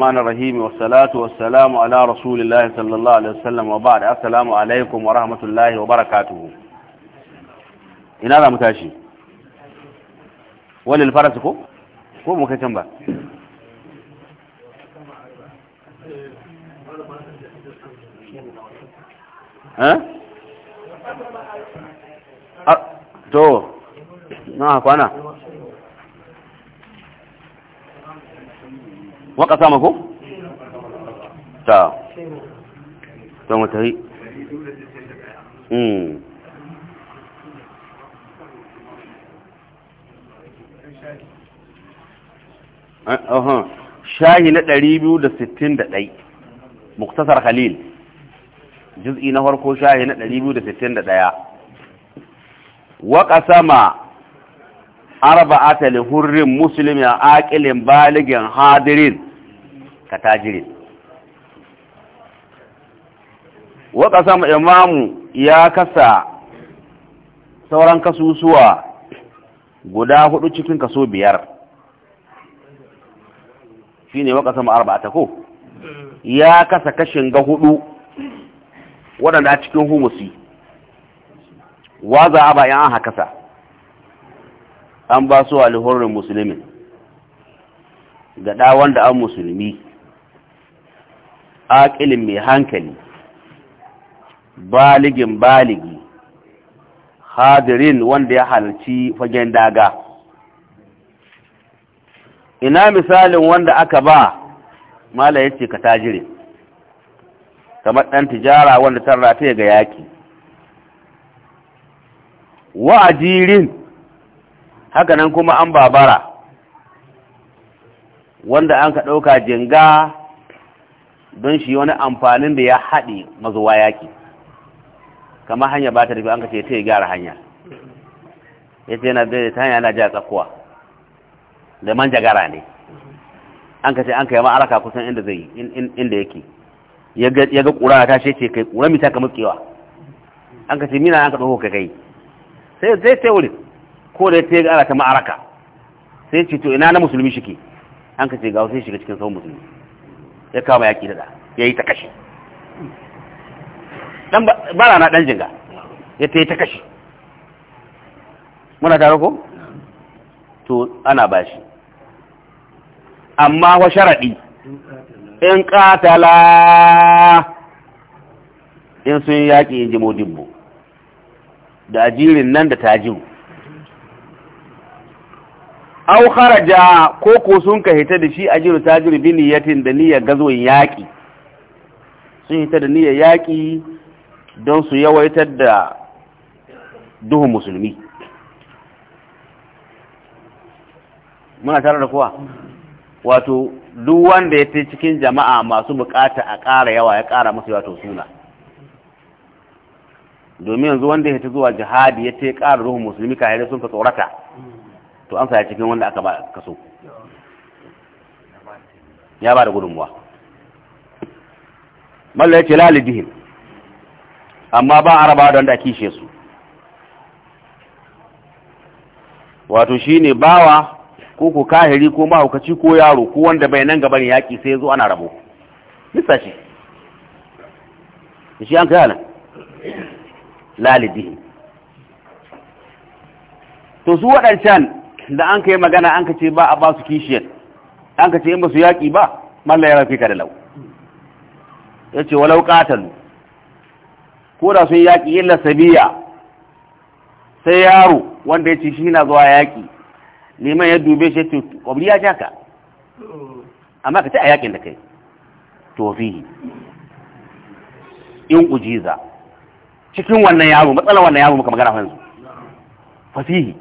الرحمن الرحيم والصلاة والسلام على رسول الله صلى الله عليه وسلم وبعد السلام عليكم ورحمة الله وبركاته إن هذا متاشي ولي الفرس كو كو مكتن با ها أه؟ تو نعم أنا waka sama ko? ta don wata yi shahi na 261 muktasar khalil juz'i na farko shahi na 261 waka sama arba'ata li hurrin muslimin aqilin baligin hadirin ka tajiri waka sama imamu ya kasa sauran kasusuwa guda hudu cikin kaso biyar shi ne waka sama arba'ata ko ya kasa kashin ga hudu waɗanda cikin humusi waza a bayan an hakasa an ba su alihurin musulmin ga wanda an musulmi aƙilin mai hankali baligin baligi hadirin wanda ya halarci fagen daga ina misalin wanda aka ba mala ya ce ka tajirin kamar ɗan tijara wanda tarrafe rataye ga yaƙi wa'ajirin haka nan kuma an babara wanda an ka ɗauka jinga don shi wani amfanin da ya haɗe mazuwa yaƙi kama hanya ba ta rufe an kace ta yi gyara hanya ya ce yana da ta hanya yana ja tsakuwa da manja gara ne an ce an kai ma'araka kusan inda zai inda yake ya ga ƙura ta ce ce kai ƙura mita ka mutsewa an ce mina an ka ɗauko ka kai sai zai ta wuri ko da ta yi ta ma'araka sai ce to ina na musulmi shi ke an kace ga wasu shiga cikin sauran musulmi ya kama yaƙi da ya yi ta kashe dan ba na dan jinga ya ta yi ta kashe muna tare ko to ana bashi amma wa sharadi in ƙatala in sun yaƙi in ji modibbo da ajirin nan da tajiru aw kharaja ko ko sun ka hita da shi ajiru tajiru bi niyatin da niyyar gazoyin yaki sun hita da niyyar yaki don su yawaitar da duhun musulmi muna tare da kowa wato duk wanda ya fi cikin jama'a masu bukata a ƙara yawa ya ƙara musu wato suna domin yanzu wanda ya ta zuwa jihadi ya ta ƙara ruhun musulmi ka kahirai sun ka tsorata to an saya cikin wanda aka ba kaso ya ba da gudunmuwa malla ya ce lalibihin amma ba araba don da kishe su wato shi ne bawa ko ko kahiri ko mahaukaci ko yaro ko wanda bai nan gaban yaƙi sai zo ana rabo nisa shi shi an kai halin lalibihin to su waɗancan da an ka yi magana an ka ce ba a ba su kishiyar an ka ce in ba su yaƙi ba malla ya rafi ka da lau ya ce walau ƙatalu ko da sun yaƙi illa sabiya sai yaro wanda ya ce shi na zuwa yaƙi neman ya dube shi ce ƙwabri ya ja ka amma ka ce a yaƙin da kai fi in ujiza cikin wannan yaro matsalar wannan yaro muka magana hanzu fasihi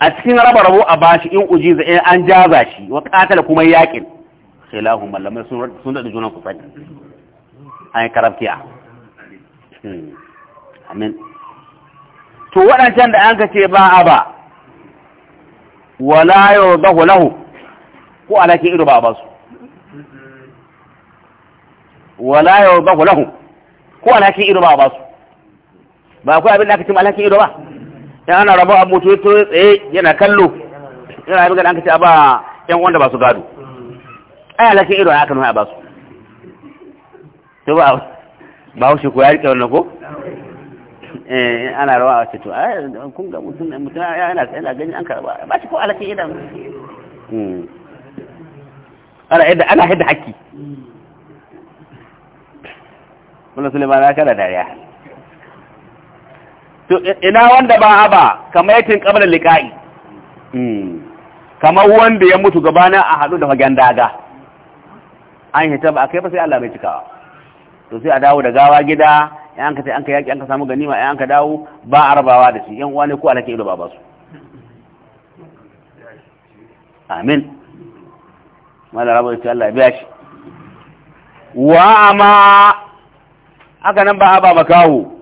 a cikin raba rabo a bashi in uji za in eh, an jaza shi wa katala kuma yaƙin khilahum malamai sun sun da junan ku fadi an karabtiya hmm. amin to waɗancan da an ka ce ba a ba wala yudahu lahu ko alaki ido ba ba su wala yudahu lahu ko alaki ido ba ba su ba akwai abin da aka ce alaki ido ba ya ana rabo abu to to tsaye yana kallo yana abin da an kace ba yan wanda ba su gado ai alaka ido aka nuna ba su to ba ba shi ko ya rike wannan ko eh ana rawa a ce to ai kun ga mutum mutum ya yana yana gani an karba ba shi ko ido idan hmm. ana yadda ana yadda haƙƙi wannan sulaiman ya kada dariya to ina wanda ba ba kamar yakin qabla liqa'i hmm. kamar wanda ya mutu gabana a hadu da fagen daga an hita ba kai ba sai Allah mai cikawa to sai a dawo da gawa gida yan ka sai an ka yaki an ka samu ganima yan ka dawo ba arabawa da shi yan wani ko alake ido ba ba su amin mala rabu insha Allah biya shi wa amma haka nan ba ba makawo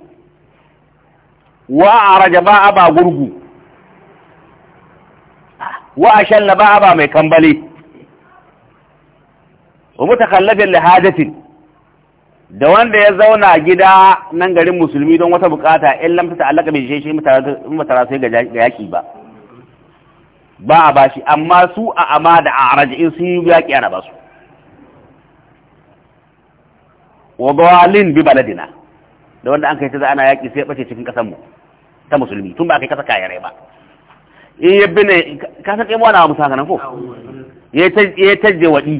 wa araja ba a ba gurgu wa a shalla ba a ba mai kambale wa mutakallafin lihajatin da wanda ya zauna gida nan garin musulmi don wata bukata in lamta ta'allaka bai shi mutara sai ga yaki ba ba a bashi amma su a ama da a in sun yi yaki ana basu wa gawalin bi baladina da wanda an kai ta za ana yaki sai ya bace cikin kasanmu ta musulmi tun ba kai kasa rai ba in ya bi ne kasa kai na musa kanan ko ya tajje waɗi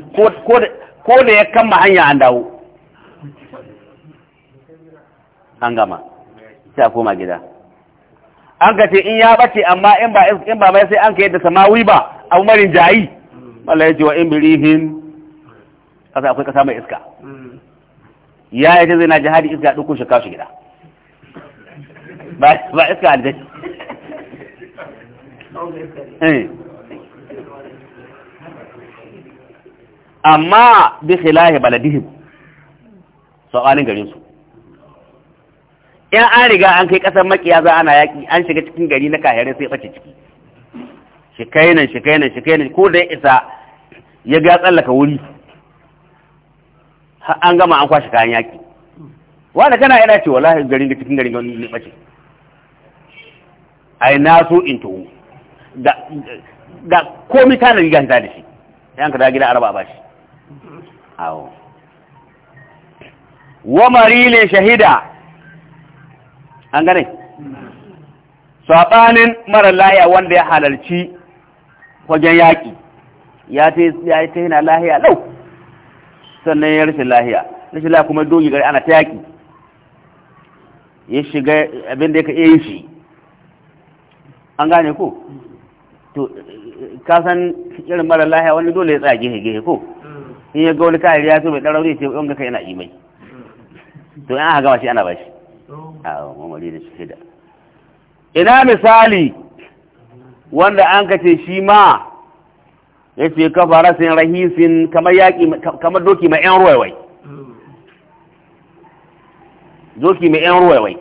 ko da ya kama hanya an dawo an gama sai a koma gida an ka ce in ya bace amma in ba mai sai an ka yadda samawi ba abu marin jayi Allah ce wa in birihin kasa akwai kasa mai iska mm. ya yi ta zai na jihadi iska ɗauko shi kawo shi gida ba iska aljani eh. amma bi khilahi baladihim sa'alin garin su yan an riga an kai kasar makiya za ana yaki an shiga cikin gari na kahere sai bace ciki shi kai nan shi kai nan shi kai nan ko da ya isa ya ga tsallaka wuri an gama an kwashi kayan yaki wanda kana yana ce wallahi garin da cikin garin ne bace A yi naso in tuhu da komi ta na riga da shi yan ka da gida araba ba shi awo wa marile shahida an gane sabanin mara laya wanda ya halarci wajen yaƙi ya yi ta yana lahiya lau sannan ya rashin lahiya rashin lahiya kuma dogi gari ana ta yaƙi ya shiga abinda ya ka iya yi shi an gane ko to ka san irin mara lahiya wani dole ya tsaya gehe gehe ko in ya ga wani kayar ya so bai ɗan rauni ce wanda kai yana imai to in aka gama shi ana bashi a mamari da shida ina misali wanda an ka ce shi ma ya ce kafara sun rahisin kamar yaƙi kamar doki mai yan ruwaiwai doki mai yan ruwaiwai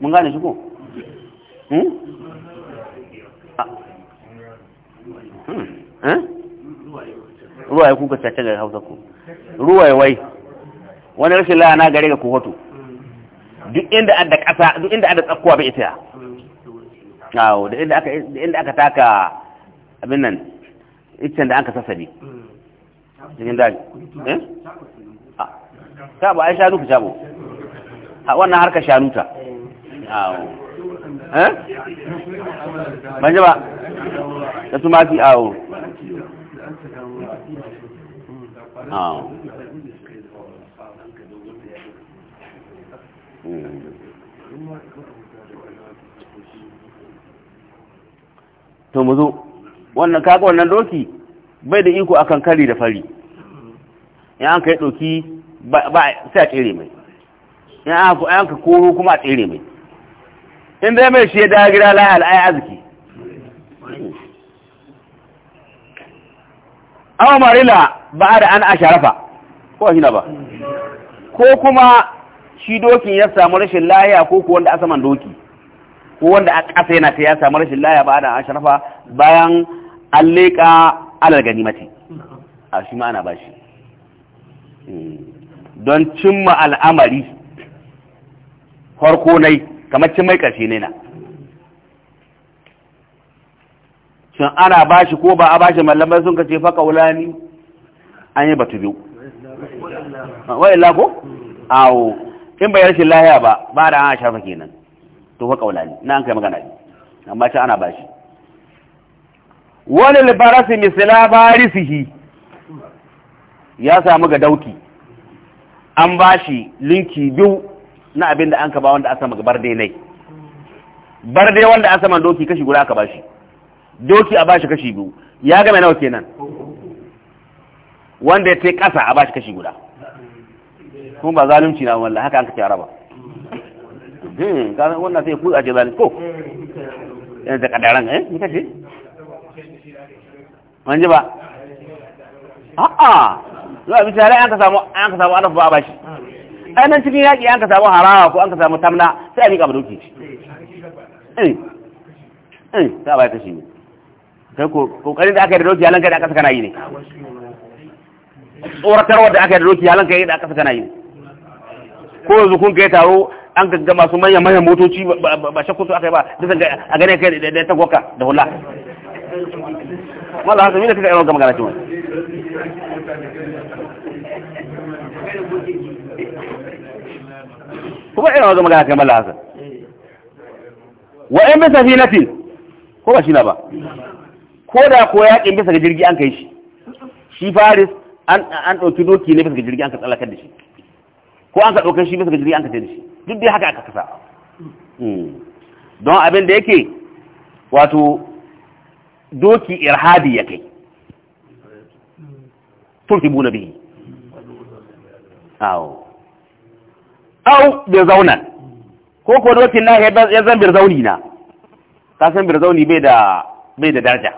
mun gane shi ko Hmm? Hmm? Eh? ruwaye kuka cace ga hausa ku ruwaye wai wani rashin lana gare ga kohoto duk inda an da ƙasa duk inda an da tsakkuwa bai ita da inda aka inda aka taka abin nan iccen da an ka sasabe cikin daji eh ta ba ai shanu ku shabo a wannan harka shanu ta awo eh ba da tumaki awo awo hmm. to mu zo wannan kaga wannan doki bai da iko akan kari da fari in an kai doki ba sai a tsere mai in an ka koro kuma a tsere mai in zai mai shi ya dawo gida lahal ai arziki awa marila ba da an asharafa ko na ba ko kuma shi dokin ya samu rashin lahiya ko kuwa wanda a saman doki ko wanda a ƙasa yana ta ya samu rashin lahiya ba a da an asharafa bayan an leƙa alal mace a shi ma ana ba shi hmm. don cimma al'amari farko nai kamar cin mai ƙarshe ne na shin ana ba shi ko ba a ba shi mallamai sun kace faka wulani an yi batu biyu wai lako? awo in bai rashin lahiya ba ba da ana shafa kenan to faka wulani na an kai magana ne amma shi ana ba shi wani libarasi su yi ya samu ga dauki an ba shi linki biyu na abin da an ka ba wanda aka maka bar dai nai bar dai wanda aka man doki kashi guda aka bashi doki a bashi kashi biyu ya game nawa kenan wanda ya tai kasa a bashi kashi guda kuma ba zalunci na wallahi haka an ka tsara ba hmm wannan sai ku a ce zalunci ko yana da kadaran eh ni kace an ji ba a'a zuwa bisa rai an ka samu an ka samu alafu ba a bashi ainihin cikin yaƙi an ka samu harawa ko an ka samu tamna sai a miƙa madoki eh eh ta bai ne ta kokarin da aka yi da doki halanka da aka saka na yi ne tsoratar wadda aka yi da doki halanka da aka saka na yi ne ko yanzu kun kai taro an ga masu manyan manyan motoci ba shakku su aka yi ba dusan a gane kai da ta gwaka da hula wala hasu mina kika yi wa gama gana cewa ba irin wanzu magana kai mala hasan wa in bi safinatin ko ba shi na ba ko da ko yakin bisa ga jirgi an kai shi shi faris an ɗauki doki ne bisa ga jirgi an ka tsallakar da shi ko an ka ɗaukar shi bisa ga jirgi an ka da shi duk dai haka aka kasa hmm. don abin da yake wato doki irhadi ya kai turki buna bihi awo au bi zauna ko ko dokin na ya zan bir zauni na ka san bir zauni bai da bai da daraja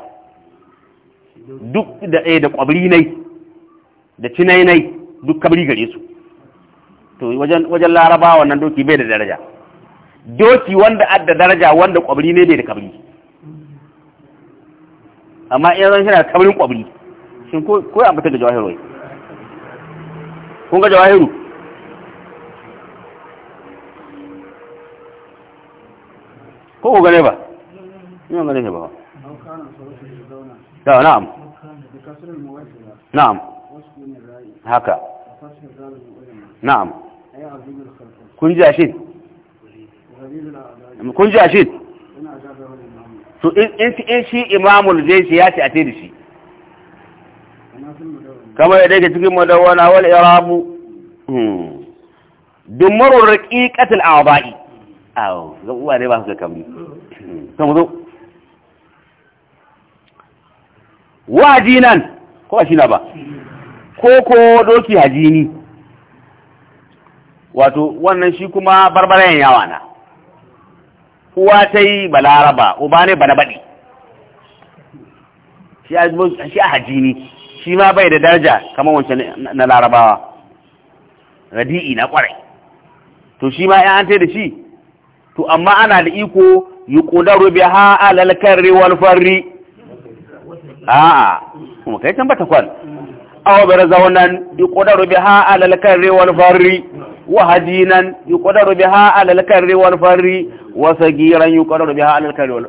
duk da eh da kwabri nai da cinai nai duk kabri gare su to wajen wajen laraba wannan doki bai da daraja doki wanda adda daraja wanda kwabri ne bai da kabri amma in zan shirya kabrin kwabri shin ko ko an fita ga jawahiru kun ga jawahiru ko ku gane ba ina gane ne ba da na'am na'am haka na'am kun ji ashin kun ji ashin to in shi imamul zai shi ya ce a te shi kamar yadda yake cikin madawana wal irabu hmm. dumarun raƙiƙatul aba'i awo ga uwa ne ba su da kamni to mu zo waji nan ko shi na ba ko ko doki hajini wato wannan shi kuma barbarayen yawa na uwa ta yi balaraba uba ne bana baɗi shi a hajini shi ma bai da daraja kamar wancan na larabawa radi'i na kwarai to shi ma ya an da shi to amma ana da iko yuqdaru biha ha karri wal farri a'a kuma kai can bata kwal aw yi yuqdaru biha ha karri wal farri wa yi yuqdaru biha ha karri wal farri wa sagiran yuqdaru biha ha karri wal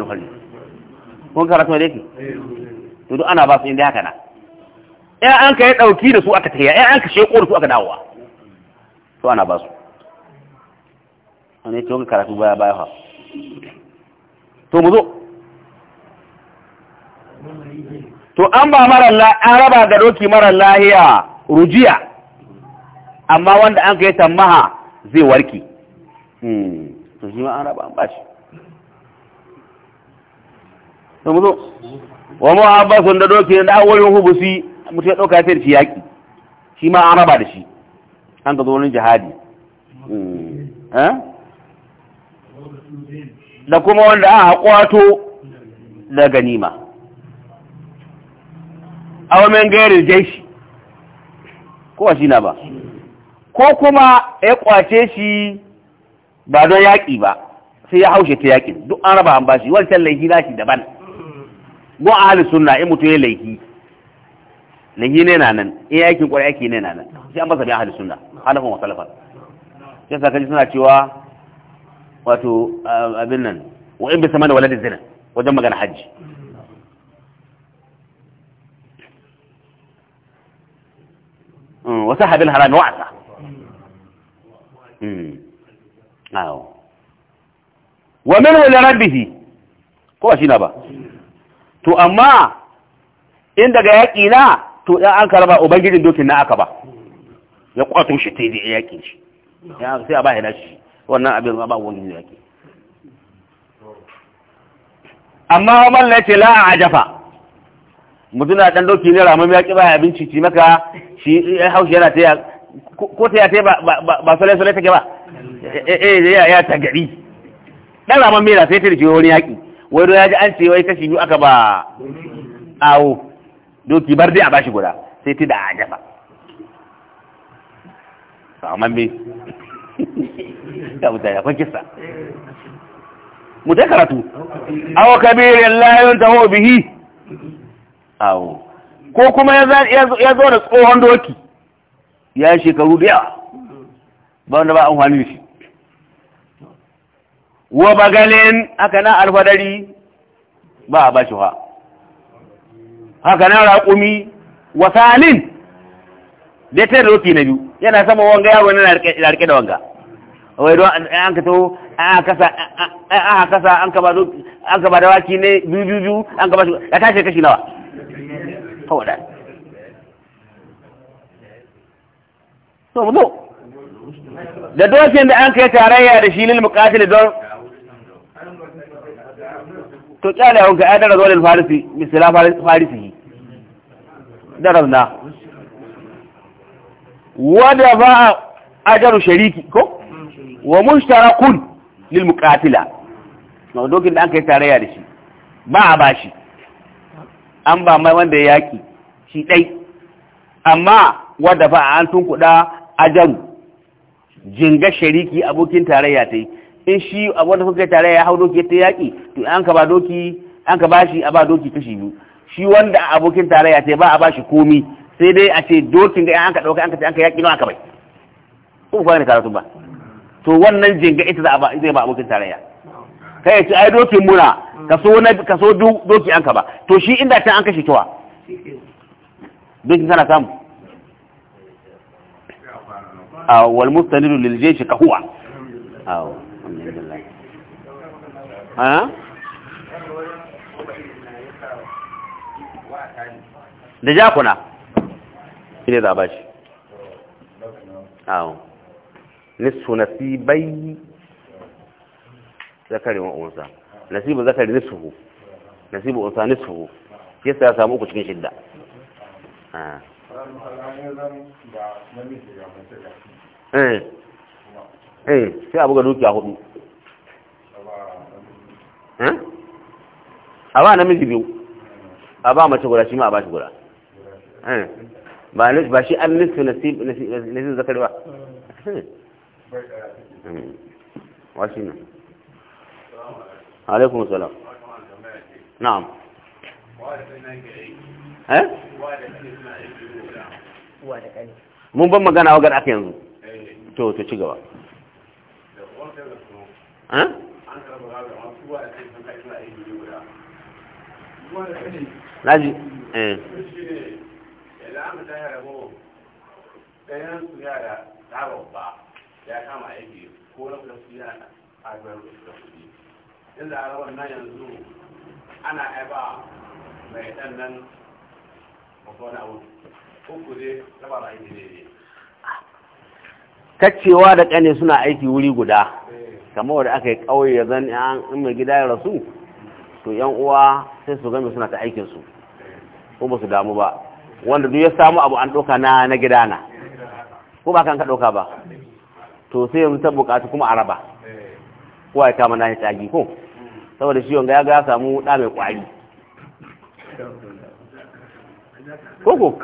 farri kun karatu da yake tudu ana ba su inda haka na ka ya dauki da su aka tafiya an sheko da su aka dawowa to ana ba su wani tun karatu baya baya ha to mu zo to an ba marar an raba da doki marar lahiya rujiya amma wanda an kai tammaha zai warki hmm. to shi ma an raba an bashi to mu zo wa mu sun da doki da awalin hubusi mutum ya dauka da shi yaƙi shi ma an raba da shi an ga zo wani jihadi hmm. eh? da kuma wanda aka kwato na ganima aw min gairil jaishi ko wasi na ba ko kuma ya kwace shi ba don yaƙi ba sai ya haushe ta yakin. duk an raba an bashi wancan laifi na shi daban a halin sunna in mutum ya laifi laifi ne na nan in yaƙin ƙwarai yaƙi ne na nan sai an basa bin ahalin sunna halafin wasu salafan sai sakaci suna cewa wato abin nan wa in bi sama da waladin zina wajen magana hajji wasu habil harami wa'asa wa min wani rabbihi ko shi na ba to amma in daga yaƙi na to ɗan an karba ubangijin dokin na aka ba ya ƙwato shi ta yi yaƙin shi sai a ba ya nashi wannan abin ba wani yake amma wa mallace la a jafa mutum na dan doki ne ramon yaki ki baya abinci ci maka shi ya haushi yana ta ko ta ya ta ba ba sole sole take ba eh eh ya ta gari dan ramon la sai ta rike wani yaki wai do ya ji an ce wai kashi biyu aka ba awo doki bar dai a bashi guda sai ta da ajafa amma me ya mutane akwai kisa mu dai karatu awo kabirin layon taho awo ko kuma ya zo da tsohon doki ya yi shekaru da yawa ba wanda ba an hannu shi wa bagalin haka na alfadari ba a ba shi ha haka na raƙumi wasalin da ta da doki na biyu yana sama wanga ya wani larke da wanga wai ruwa an ka to an kasa an ka ba an ka ba dawaki ne biyu biyu biyu an ka ba su ya tashi kashi nawa kawai da so mu zo da dokin da an kai tarayya da shi lil muqatil don to kyale wanka ya dara zuwa lil farisi misla farisi darabna wada ba a ajaru shariki ko wa mun shara kun lil katila na dokin da an kai tarayya da shi ba a bashi an ba mai wanda ya yaki shi dai amma wada ba an tunkuda ajaru jinga shariki abokin tarayya ta yi in shi abu da kuka tarayya ya hau doki ta yaki to an ka ba doki an ka bashi a ba doki kashi biyu shi wanda abokin tarayya ta yi ba a bashi komi sai dai a ce dokin ga an ka dauka an ka ce an ka yaki nawa ka bai ko ba ne karatu ba to wannan jinga ita za a ba zai ba abokin tarayya kai ya ce ai dokin muna so na kaso doki an ka ba to shi inda ta an kashe towa dokin kana samu a wal mustanilu lil jayshi ka huwa aw alhamdulillah ha da jakuna shi ne zaba shi nisu nasibai zakari wa unsa nasibu zakari nisuhu nasibu unsa nisuhu yasa ya samu uku cikin shidda eh eh sai abu ga dukiya hudu a ba namiji biyu a ba mace guda shi ma a ba shi guda eh. ba ba shi an nisu nasib nasib zakari ba wasu ne alaikun salam na'am eh? mun ban magana wagar aka yanzu to to ci gaba eh? naji eh da an da ya rabu ɗayan su yara ta babba ya kama aiki ko na kusa su yana ajiyar da kuɗi inda a rawar nan yanzu ana aiba mai ɗan nan babban abu uku ne raba da aiki ne ne kaccewa da ƙane suna aiki wuri guda kamar wadda aka yi ƙauye ya zan in mai gida ya rasu to yan uwa sai su game suna ta aikinsu ko ba su damu ba wanda duk ya samu abu an doka na na gidana ko ba kan ka doka ba to sai mun ta buƙatu kuma araba ko ai ta kama na tsagi ko saboda shi wanda ya ga ya samu ɗa mai ƙwari koko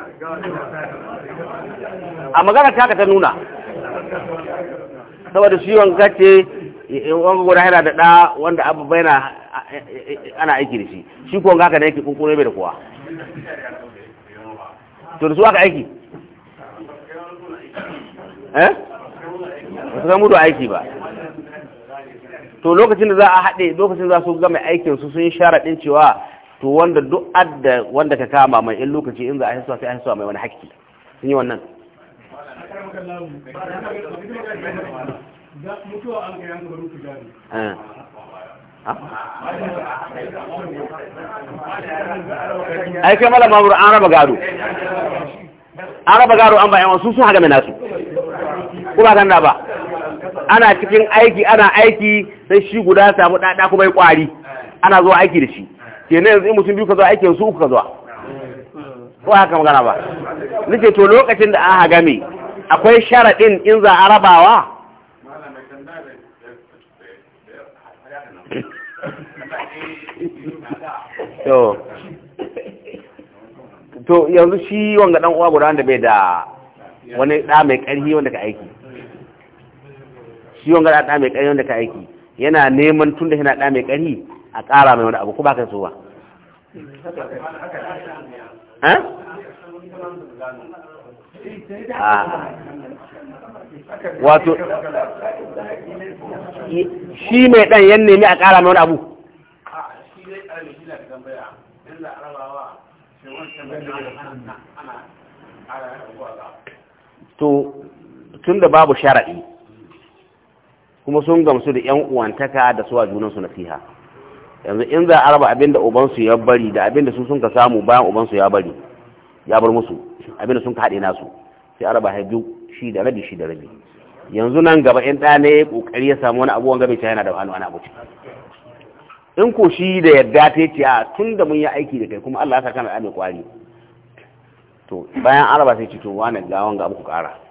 a magana ta ta nuna saboda shi kace ce wanga guda hira da da wanda abu bai na ana aiki da shi shi ko wanga haka da yake kunkuru bai da kowa to da su aka aiki eh ba su gamu da aiki ba to lokacin da za a haɗe lokacin za su gama aikin su sun sharaɗin cewa to wanda duk adda wanda ka kama mai in lokaci in za a hisuwa sai a hisuwa mai wani haƙƙi sun yi wannan mutuwa an jari ai kai mala babur an raba gado an raba gado an bayan wasu sun haga mai nasu Ku ba da ba ana cikin aiki ana aiki sai shi guda samu ɗaɗa kuma ya ƙwari ana zuwa aiki da shi ke ne yanzu in mutum biyu ka zuwa aikin su uku ka zuwa ko haka magana ba nake to lokacin da an haga mai akwai sharaɗin in za a rabawa to yanzu shi wanga dan uwa guda wanda bai da wani da mai ƙarfi wanda ka aiki shi wanga da mai ƙarfi wanda ka aiki yana neman tunda yana da mai ƙarfi a ƙara mai wani abu ko ba ka so ba wato shi mai dan yan nemi a ƙara mai wani abu shi dai ƙarfi shi da tambaya in za a shi wancan da ana ana ana to tun da babu shara'i kuma sun gamsu da ‘yan uwantaka da suwa junansu na fiha yanzu in za a raba abinda ubansu ya bari da abinda su sun ka samu bayan ubansu ya bari ya bar musu abinda sun ka haɗe nasu sai a raba haibu shi da rabi shi da rabi yanzu nan gaba in ɗane ƙoƙari ya samu wani abuwan gabe ta yana da wani abu in ko shi da yadda ta yi a tun da mun yi aiki da kai kuma Allah ya sa kana da kwari to bayan araba sai ce to wani gawan ga abu ku kara